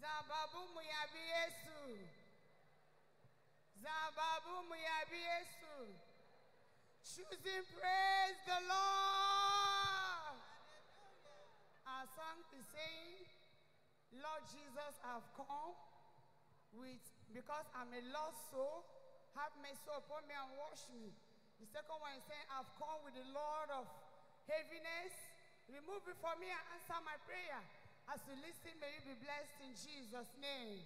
Zababu muyabi Yesu. Zababu muyabi Yesu. Choosing praise the Lord. Our song is saying, Lord Jesus, I've come with because I'm a lost soul. Have mercy upon me and wash me. The second one is saying, I've come with the Lord of heaviness. Remove it from me and answer my prayer. As you listen, may you be blessed in Jesus' name.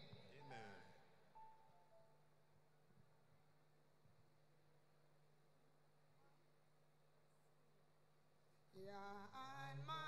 Amen. Yeah, and my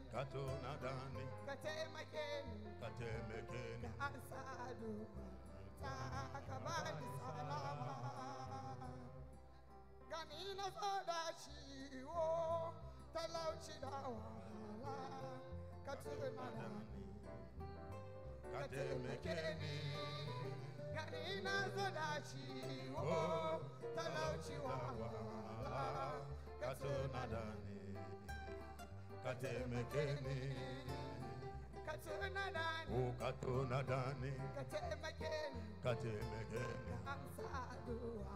katona dani katemekeni katemekeni asadu takabali salama ganina na fada shiwo talauci da oh, wahala katona dani katemekeni gani na fada shiwo talauci wahala katona dani kateme keni katona dani o katona dani kateme keni kateme keni amsadua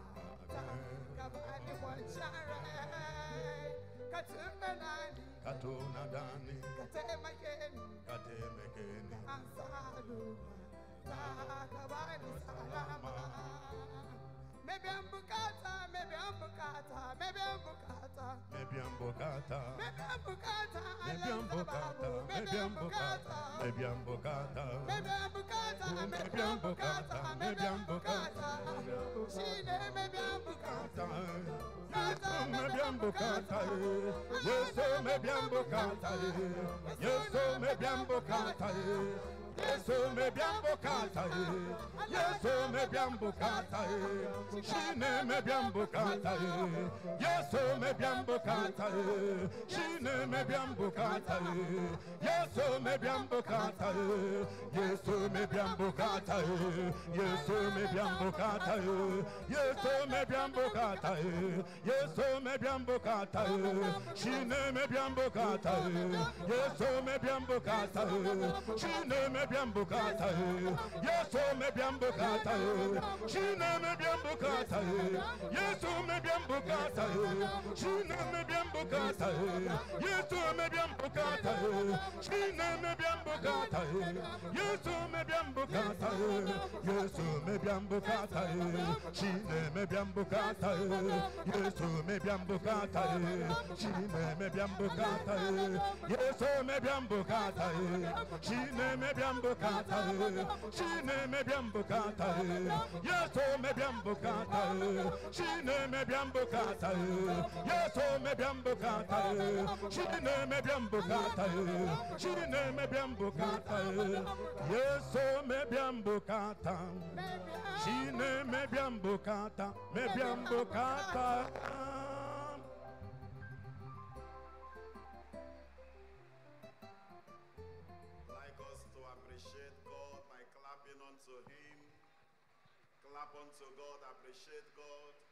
kabani wanchara katona dani katona dani kateme keni kateme keni amsadua kabani salama mebembuka Mebiambukata, Mebiambukata, Mebiambukata, Mebiambukata, Mebiambukata, Mebiambukata, Mebiambukata, Mebiambukata, Mebiambukata, Mebiambukata, Shine Mebiambukata, Kata Mebiambukata, Yeso Mebiambukata, Yeso Mebiambukata, Yesu mebia mbukata ye Yesu mebia mbukata ye Shine mebia mbukata ye Yesu mebia mbukata ye Shine mebia mbukata ye Yesu mebia mbukata ye Yesu mebia mbukata ye Yesu mebia mbukata ye Yesu mebia mbukata ye Yesu mebia mbukata ye Shine mebia mbukata ye Yesu mebia mbukata ye Shine me mebiam bukata Yeso mebiam bukata Shina bukata Yesu amebia mbukata Shina amebia mbukata Yesu amebia mbukata Yesu amebia mbukata Shina amebia mbukata Yesu amebia mbukata Shina amebia mbukata Yesu amebia mbukata Shina amebia mbukata Shina amebia mbukata Yesu amebia mbukata Shina amebia mbukata Yesu amebia mbukata Bukata, she didn't name a Bukata, she didn't name a Bukata, yes, so maybe I'm Bukata, she name maybe I'm Bukata, maybe I'm Bukata. appreciate God by clapping unto Him. Clap unto God, appreciate God.